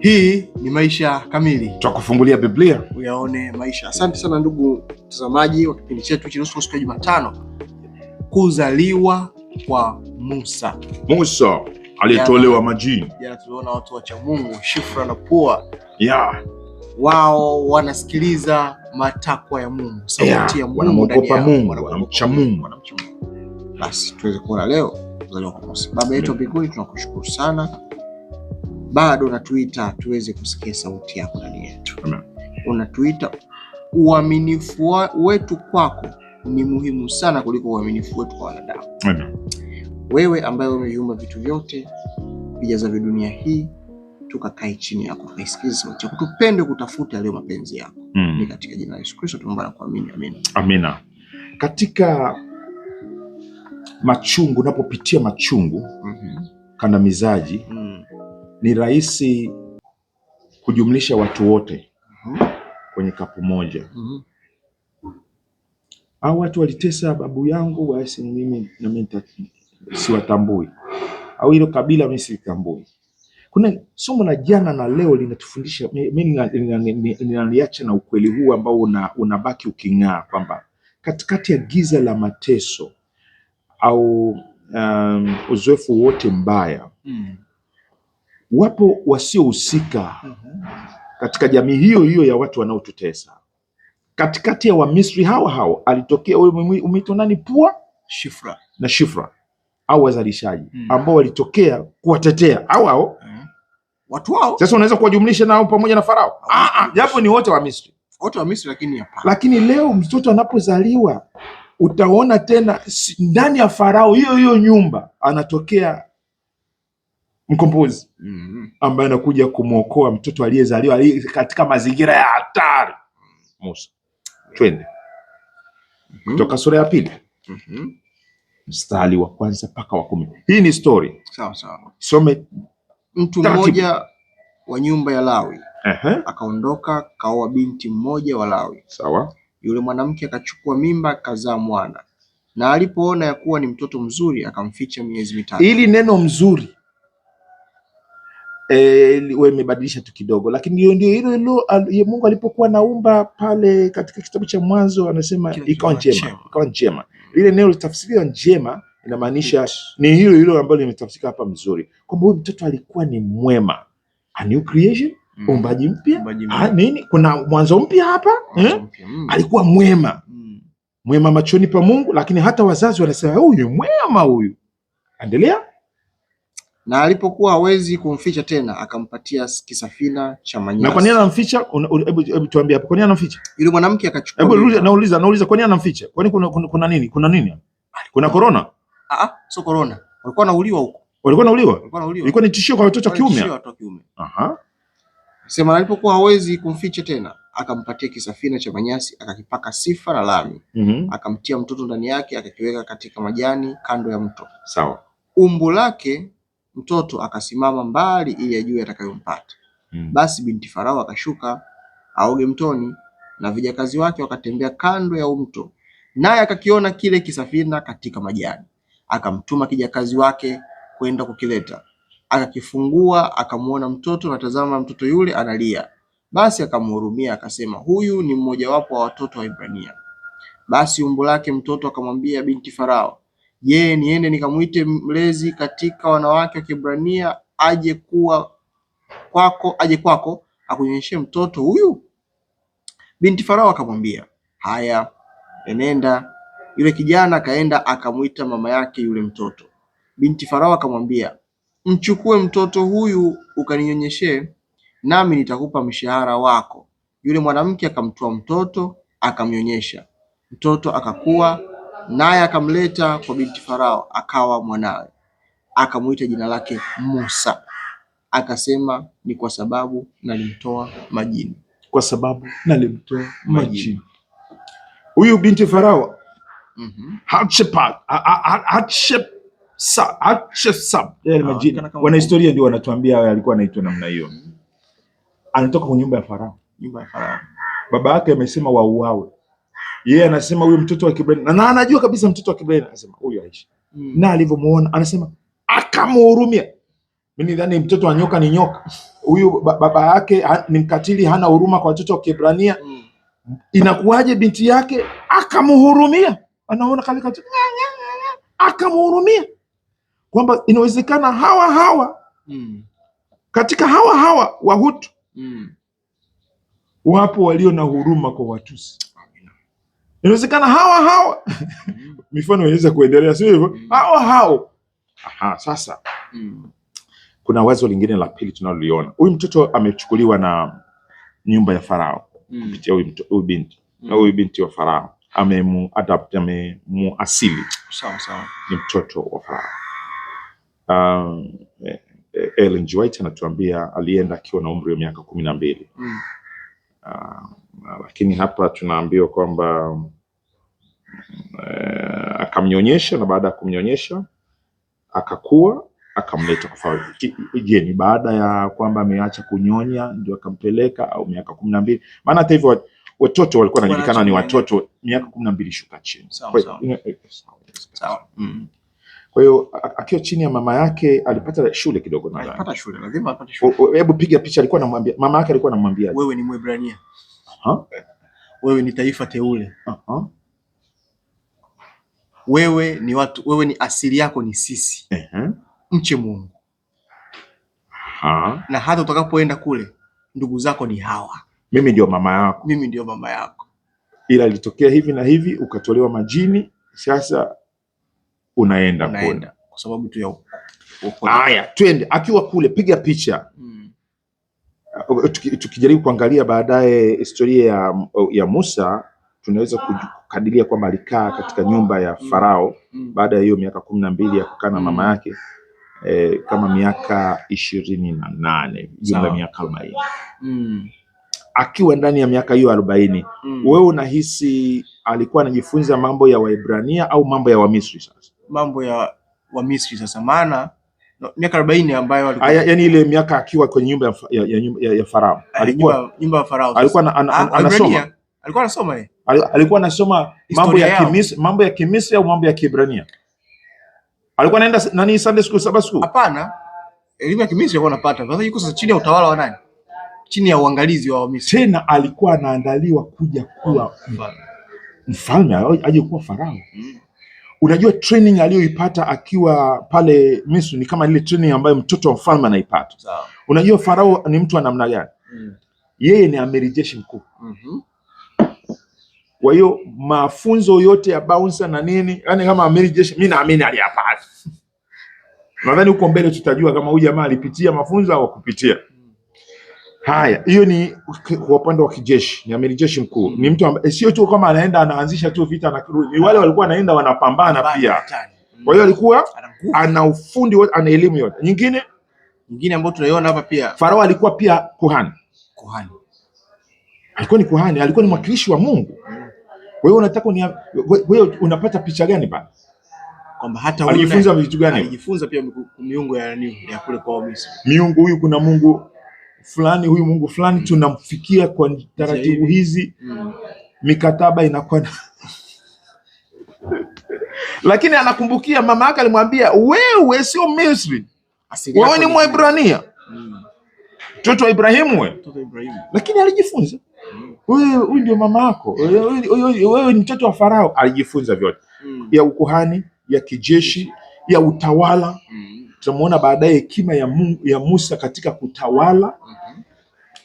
Hii ni Maisha Kamili, twakufungulia Biblia uyaone maisha. Asante sana ndugu mtazamaji wa kipindi chetu hiki siku ya Jumatano, kuzaliwa kwa Musa. Musa aliyetolewa majini. Jana tuliona watu wacha Mungu Shifra na Pua yeah. wao wanasikiliza matakwa ya Mungu, sauti ya Mungu, wanamcha Mungu. Basi tuweze kuona leo kuzaliwa kwa Musa. Baba yetu mbinguni, tunakushukuru sana bado unatuita tuweze kusikia sauti yako ndani yetu. Unatuita, uaminifu wetu kwako ni muhimu sana kuliko uaminifu wetu kwa wanadamu. Wewe ambaye umeviumba vitu vyote vijazavyo dunia hii, tukakae chini yako, tukaisikiza sauti yako, tupende kutafuta yaliyo mapenzi yako. Mm. Ni katika jina la Yesu Kristo tunaomba na kuamini, amina. Amina. Katika machungu, unapopitia machungu, mm -hmm. kandamizaji mm -hmm ni rahisi kujumlisha watu wote kwenye kapu moja mm -hmm. au watu walitesa babu yangu, basi mimi nami siwatambui, au hilo kabila mimi silitambui. Kuna somo la jana na leo linatufundisha, mimi ninaliacha na ukweli huu ambao unabaki uking'aa kwamba katikati ya giza la mateso au um, uzoefu wote mbaya mm wapo wasiohusika katika jamii hiyo hiyo ya watu wanaotutesa. Katikati ya Wamisri hawa hawa alitokea huyo umeitwa nani, Pua Shifra na Shifra au wazalishaji hmm, ambao walitokea kuwatetea au hao hmm, watu wao. Sasa unaweza kuwajumlisha nao pamoja na Farao, ah, ah, ah. japo ni wote wa Misri, wote wa Misri, lakini, lakini leo mtoto anapozaliwa utaona tena ndani ya Farao hiyo hiyo nyumba anatokea mkombozi mhm. ambaye anakuja kumwokoa mtoto aliyezaliwa katika mazingira ya hatari. Musa, twende mhm. kutoka sura ya pili mhm. mstari wa kwanza mpaka wa kumi. Hii ni story. sawa sawa, some mtu mmoja wa nyumba ya Lawi uh -huh. Akaondoka kaoa binti mmoja wa Lawi. Sawa. Yule mwanamke akachukua mimba akazaa mwana, na alipoona ya kuwa ni mtoto mzuri akamficha miezi mitatu. Ili neno mzuri eh, wamebadilisha tu kidogo, lakini hiyo ndio hilo hilo Mungu alipokuwa naumba pale katika kitabu cha Mwanzo, anasema ikawa njema, ikawa njema. Lile neno litafsiriwa njema inamaanisha ni hilo hilo ambalo limetafsika hapa mzuri, kwamba huyu mtoto alikuwa ni mwema, a new creation, Mm. uumbaji mpya nini, kuna mwanzo mpya hapa eh? Mm. Alikuwa mwema, Mm. mwema machoni pa Mungu, lakini hata wazazi wanasema huyu mwema, huyu endelea na alipokuwa hawezi kumficha tena akampatia kisafina cha manyasi. Na kwa nini anamficha? Hebu tuambie hapo, kwa nini anamficha? Yule mwanamke akachukua. Hebu nauliza, nauliza kwa nini anamficha? Kwani kuna, kuna, kuna nini? Kuna nini? Kuna corona? Ah ah, sio corona. Walikuwa nauliwa huko. Walikuwa nauliwa? Walikuwa Ilikuwa ni tishio kwa watoto wa kiume. Tishio watoto wa kiume. Aha. Sema alipokuwa hawezi kumficha tena akampatia kisafina cha manyasi akakipaka sifa na lami. Mm -hmm. Akamtia mtoto ndani yake akakiweka katika majani kando ya mto. Sawa. Umbo lake mtoto akasimama mbali ili ajue atakayompata. Mm. Basi binti Farao akashuka aoge mtoni na vijakazi wake wakatembea kando ya mto, naye akakiona kile kisafina katika majani. Akamtuma kijakazi wake kwenda kukileta. Akakifungua akamwona mtoto, na tazama, mtoto yule analia. Basi akamhurumia, akasema, huyu ni mmojawapo wa watoto wa Ibrania. Basi umbu lake mtoto akamwambia binti Farao, Je, niende nikamwite mlezi katika wanawake wa Kiebrania aje kuwa kwako aje kwako akunyonyeshe mtoto huyu? Binti Farao akamwambia, haya, enenda. Yule kijana akaenda akamwita mama yake yule mtoto. Binti Farao akamwambia, mchukue mtoto huyu ukaninyonyeshe, nami nitakupa mshahara wako. Yule mwanamke akamtoa mtoto akamnyonyesha. Mtoto akakua naye akamleta kwa binti Farao akawa mwanawe, akamwita jina lake Musa, akasema ni kwa sababu nalimtoa majini, kwa sababu nalimtoa majini. Huyu binti Farao mhm. ah, majini, wanahistoria ndio wanatuambia alikuwa anaitwa namna hiyo. Mhm. Anatoka kwa nyumba ya Farao, nyumba ya Farao. Baba yake amesema wauawe yeye yeah, anasema huyu mtoto wa Kibrania na, na anajua kabisa mtoto wa Kibrania anasema huyu Aisha mm. na alivyomuona anasema akamhurumia. Mimi nadhani mtoto wa nyoka ni nyoka huyu, baba yake ni mkatili, hana huruma kwa watoto wa Kibrania mm. Inakuwaje binti yake akamhurumia? Anaona kale kati akamhurumia, kwamba inawezekana hawa hawa mm. katika hawa hawa Wahutu mm. wapo walio na huruma kwa Watusi Inawezekana hawa hawa mm. mifano inaweza kuendelea, sio hivyo? Mm. hao hao. Aha, sasa mm. Kuna wazo lingine la pili tunaloliona, huyu mtoto amechukuliwa na nyumba ya Farao kupitia huyu binti na huyu binti wa Farao amemuadapt, amemuasili sawa sawa, ni mtoto wa Farao. Um, eh, eh, Ellen G. White anatuambia alienda akiwa na umri wa miaka kumi na mbili mm. um, Ah, lakini hapa tunaambiwa kwamba eh, akamnyonyesha na baada ya kumnyonyesha akakua akamleta kufaulu. Je, ni baada ya kwamba ameacha kunyonya ndio akampeleka au miaka kumi na mbili? Maana hata hivyo watoto walikuwa wanajulikana ni watoto miaka kumi na mbili shuka chini. Kwa hiyo akiwa chini ya mama yake alipata shule kidogo, na alipata shule, lazima apate shule. Hebu piga picha, alikuwa anamwambia mama yake, alikuwa anamwambia wewe ni Mwebrania huh Wewe ni taifa teule uh-huh. Wewe ni watu, wewe ni asili yako ni sisi uh-huh. Mche Mungu uh-huh. Na hata utakapoenda kule ndugu zako ni hawa, mimi ndio mama yako, mimi ndio mama yako, ila ilitokea hivi na hivi ukatolewa majini, sasa unaenda, unaenda. Kule kwa sababu tu ya haya, twende. Akiwa kule piga picha mm. Uh, tukijaribu kuangalia baadaye historia ya, uh, ya Musa tunaweza kukadiria kwamba alikaa katika nyumba ya Farao baada ya hiyo miaka kumi na mbili ya kukaa na mm. mama yake e, kama miaka ishirini na nane jumla miaka arobaini mm. Akiwa ndani ya miaka hiyo arobaini mm. Wewe unahisi alikuwa anajifunza mambo ya Waebrania au mambo ya Wamisri? Sasa mambo ya Wamisri sasa, maana miaka arobaini ambayo alikuwa ah, yani ile miaka akiwa kwenye nyumba ya, ya, ya, ya Farao eh, alikuwa nyumba ya Farao ah, alikuwa anasoma alikuwa anasoma eh? alikuwa anasoma mambo ya Kimisri mambo ya Kimisri au mambo ya Kiebrania alikuwa anaenda nani Sunday school Sabbath school? Hapana, elimu ya Kimisri alikuwa anapata. Sasa yuko sasa chini ya utawala wa nani? Chini ya uangalizi wa Wamisri. Tena alikuwa anaandaliwa kuja kuwa mfalme aje kuwa Farao. Mm. Unajua training aliyoipata akiwa pale Misri ni kama ile training ambayo mtoto wa mfalme anaipata. Sawa. Unajua Farao ni mtu wa namna gani? Mm. Yeye ni amiri jeshi mkuu. Mm-hmm. Kwa hiyo mafunzo yote ya bouncer na nini, yani kama amiri jeshi, mimi naamini aliyapata. Nadhani huko mbele tutajua kama huyu jamaa alipitia mafunzo au kupitia Haya, hiyo ni kwa upande wa kijeshi, ni amiri jeshi mkuu, ni mtu ambaye eh, sio tu kama anaenda anaanzisha tu vita na kurudi, ni wale walikuwa anaenda wanapambana pia. Mm. Kwa hiyo alikuwa ana ufundi wote, ana elimu yote. Nyingine nyingine ambayo tunaiona hapa pia, Farao alikuwa pia kuhani, kuhani alikuwa ni kuhani, alikuwa ni mwakilishi wa Mungu. Kwa hiyo unataka ni, kwa hiyo unapata picha gani bana, kwamba hata huyu alijifunza vitu gani? Alijifunza pia miungu ya nini, ya kule kwa Misri, miungu huyu, kuna Mungu fulani, huyu Mungu fulani mm. tunamfikia kwa taratibu hizi mm. mikataba inakuwa lakini anakumbukia mama yake alimwambia, wewe sio Misri, wewe ni Mwebrania, mm. mtoto wa Ibrahimu we. Lakini alijifunza mm. huyu ndio mama yako, wewe ni mtoto wa Farao. Alijifunza vyote mm. ya ukuhani, ya kijeshi, ya utawala mm. Tunamuona baadaye hekima ya, ya Musa katika kutawala mhm.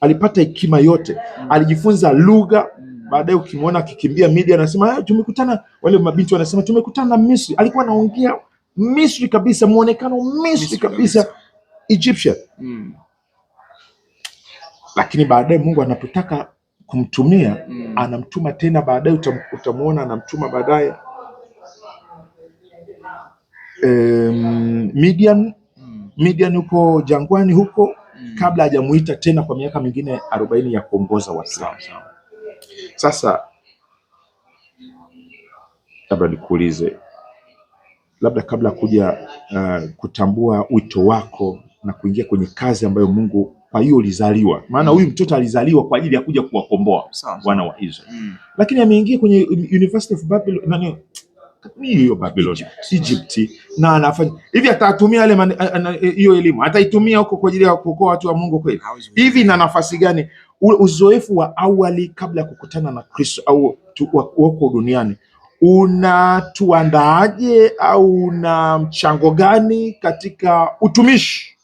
alipata hekima yote, mhm. alijifunza lugha. Mhm. Baadaye ukimwona akikimbia media anasema ah, tumekutana, wale mabinti wanasema tumekutana Misri. Alikuwa anaongea Misri kabisa, muonekano Misri kabisa, Egyptian. Mm. Lakini baadaye Mungu anapotaka kumtumia, mm. anamtuma tena baadaye, utamwona anamtuma baadaye um, Midian hmm. Midian huko jangwani huko mm. kabla hajamuita tena kwa miaka mingine arobaini ya kuongoza watu Sasa labda nikuulize, labda kabla kuja uh, kutambua wito wako na kuingia kwenye kazi ambayo Mungu kwa hiyo ulizaliwa, maana huyu mm. mtoto alizaliwa kwa ajili ya kuja kuwakomboa wana wa Israeli mm. lakini ameingia kwenye University of Babylon nani hiyo Babiloni, Egypt, na anafanya hivi. Atatumia ile e, hiyo elimu, ataitumia huko kwa ajili ya kuokoa watu wa Mungu kweli? Hivi na nafasi gani uzoefu wa awali kabla ya kukutana na Kristo au wako duniani unatuandaaje au una mchango gani katika utumishi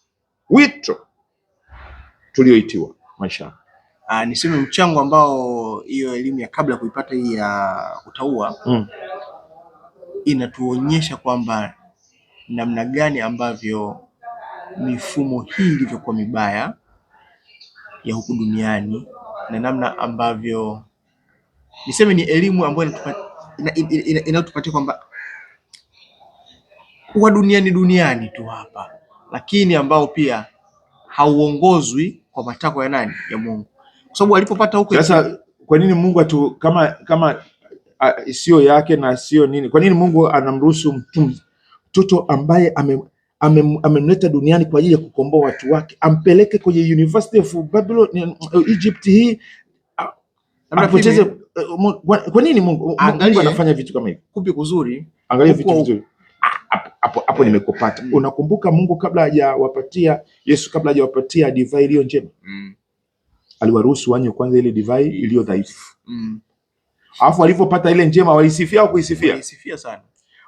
wito tulioitiwa maisha? Ah, niseme mchango ambao hiyo elimu ya kabla kuipata hii ya utaua mm inatuonyesha kwamba namna gani ambavyo mifumo hii ilivyokuwa mibaya ya huku duniani na namna ambavyo niseme ni elimu ambayo inatupatia kwamba huwa duniani duniani tu hapa, lakini ambao pia hauongozwi kwa matakwa ya nani, ya Mungu, kwa sababu alipopata huko. Sasa kwa nini Mungu atu, kama kama siyo yake na siyo nini. Kwa nini Mungu anamruhusu mtoto ambaye amemleta ame, ame duniani kwa ajili ya kukomboa watu wake ampeleke kwenye University of Babylon eh, eh, Egypt hii apoteze? Eh, kwa nini Mungu anafanya vitu kama hivi? Kupi kuzuri, angalia vitu vizuri hapo hapo nimekupata. mm. Unakumbuka Mungu kabla hajawapatia Yesu, kabla hajawapatia divai iliyo njema mm. aliwaruhusu wanywe kwanza ile divai mm. iliyo dhaifu mm. Alafu walipopata ile njema walisifia au kuisifia? Walisifia sana.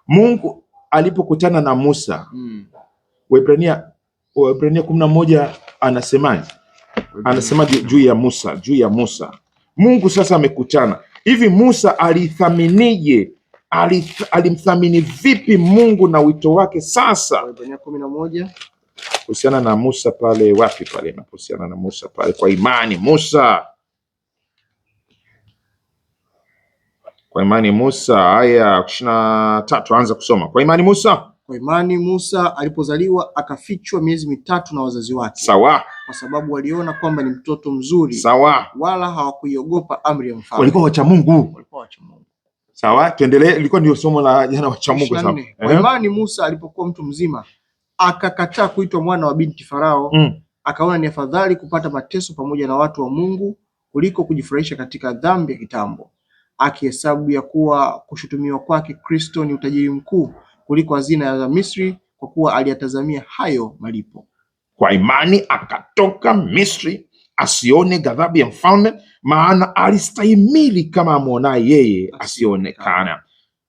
Mungu alipokutana na Musa mm. Waebrania Waebrania kumi na moja anasemaje? Anasema juu ya Musa, juu ya Musa. Mungu sasa amekutana hivi, Musa alithaminije? Alimthamini vipi Mungu na wito wake sasa? Waebrania kumi na kuhusiana na Musa pale, wapi pale, na nahusiana na Musa pale, kwa imani Musa Kwa imani Musa, aya ishirini na tatu anza kusoma. Kwa imani Musa kwa imani Musa alipozaliwa akafichwa miezi mitatu na wazazi wake. Sawa. Kwa sababu waliona kwamba ni mtoto mzuri. Sawa. Wala hawakuiogopa amri ya mfalme. Walikuwa wacha Mungu. Walikuwa wacha Mungu. Sawa, tuendelee. Ilikuwa ndio somo la jana, wacha Mungu. Sawa. Kwa imani Musa alipokuwa mtu mzima akakataa kuitwa mwana wa binti Farao. Mm. Akaona ni afadhali kupata mateso pamoja na watu wa Mungu kuliko kujifurahisha katika dhambi ya kitambo akihesabu ya kuwa kushutumiwa kwake Kristo ni utajiri mkuu kuliko hazina za Misri, kwa kuwa aliyatazamia hayo malipo. Kwa imani akatoka Misri, asione ghadhabu ya mfalme, maana alistahimili kama amwonaye yeye asiyoonekana.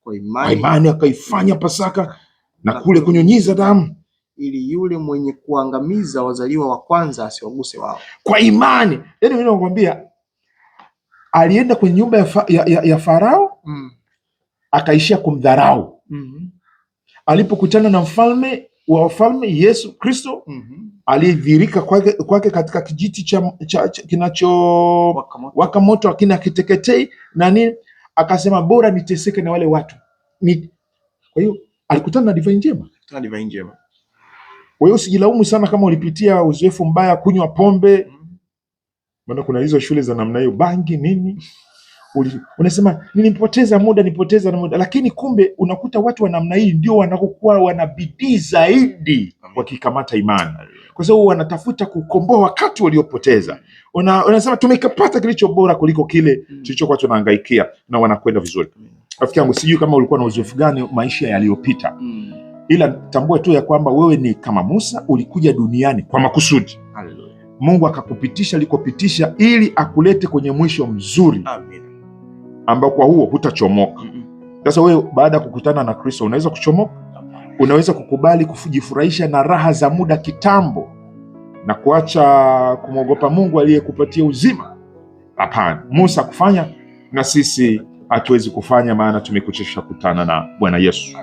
Kwa imani, imani akaifanya Pasaka na kule kunyunyiza damu ili yule mwenye kuangamiza wazaliwa wa kwanza asiwaguse wao. Kwa imani, yaani nakwambia alienda kwenye nyumba ya, fa, ya, ya, ya Farao mm. akaishia kumdharau mm -hmm. alipokutana na mfalme wa wafalme Yesu Kristo mm -hmm. aliyedhirika kwake, kwake katika kijiti cha, cha, cha, kinacho waka moto lakini akiteketei na nini, akasema bora niteseke na wale watu ni... kwa hiyo alikutana na divai njema, divai njema. Kwa hiyo usijilaumu sana kama ulipitia uzoefu mbaya kunywa pombe mm. Maana kuna hizo shule za namna hiyo, bangi nini Uli, unasema nilipoteza muda nipoteza muda, lakini kumbe unakuta watu wa namna hii ndio wanakokuwa wana bidii zaidi wakikamata imani, kwa sababu wanatafuta kukomboa wakati waliopoteza. Una, unasema tumekapata kilicho bora kuliko kile mm. tulichokuwa tunahangaikia na wanakwenda vizuri. Rafiki yangu, sijui kama ulikuwa na uzoefu gani maisha yaliyopita, mm. ila tambua tu ya kwamba wewe ni kama Musa, ulikuja duniani kwa makusudi Hallelujah. Mungu akakupitisha alikopitisha ili akulete kwenye mwisho mzuri ambao kwa huo hutachomoka. Sasa wewe baada ya kukutana na Kristo unaweza kuchomoka, unaweza kukubali kujifurahisha na raha za muda kitambo na kuacha kumwogopa Mungu aliyekupatia uzima. Hapana, Musa akufanya na sisi hatuwezi kufanya, maana tumekwisha kutana na Bwana Yesu.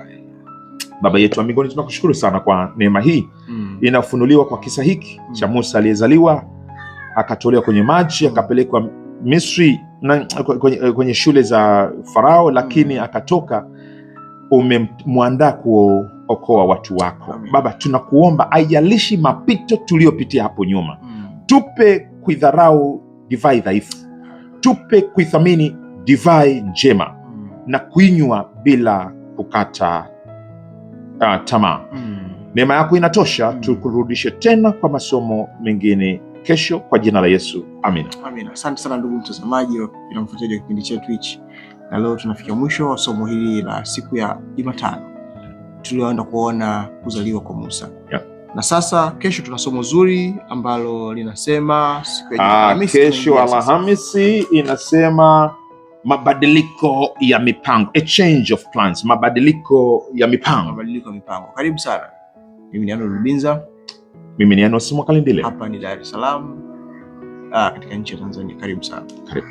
Baba yetu wa mbinguni, tunakushukuru sana kwa neema hii mm. inafunuliwa kwa kisa hiki mm. cha Musa aliyezaliwa akatolewa kwenye maji mm. akapelekwa Misri na, kwenye, kwenye shule za Farao, lakini mm. akatoka. Umemwandaa kuokoa watu wako Amen. Baba tunakuomba, aijalishi mapito tuliyopitia hapo nyuma mm. tupe kuidharau divai dhaifu, tupe kuithamini divai njema mm. na kuinywa bila kukata uh, tamaa mm. Neema yako inatosha mm. Tukurudishe tena kwa masomo mengine kesho kwa jina la Yesu, amina, amina. Asante sana ndugu mtazamaji na mfuatiliaji wa kipindi chetu hichi, na leo tunafikia mwisho wa somo hili la siku ya Jumatano tulioenda kuona kuzaliwa kwa Musa yeah. Na sasa kesho tuna somo zuri ambalo linasema siku ya ah, kesho Alhamisi inasema mabadiliko ya mipango, a change of plans, mabadiliko ya mipango, mabadiliko ya mipango. Karibu sana. Mimi ni Ano Rubinza. Mimi ni Ano Simwa Kalindile. Hapa ni Dar es Salaam, ah, katika nchi ya Tanzania. Karibu sana. Karibu.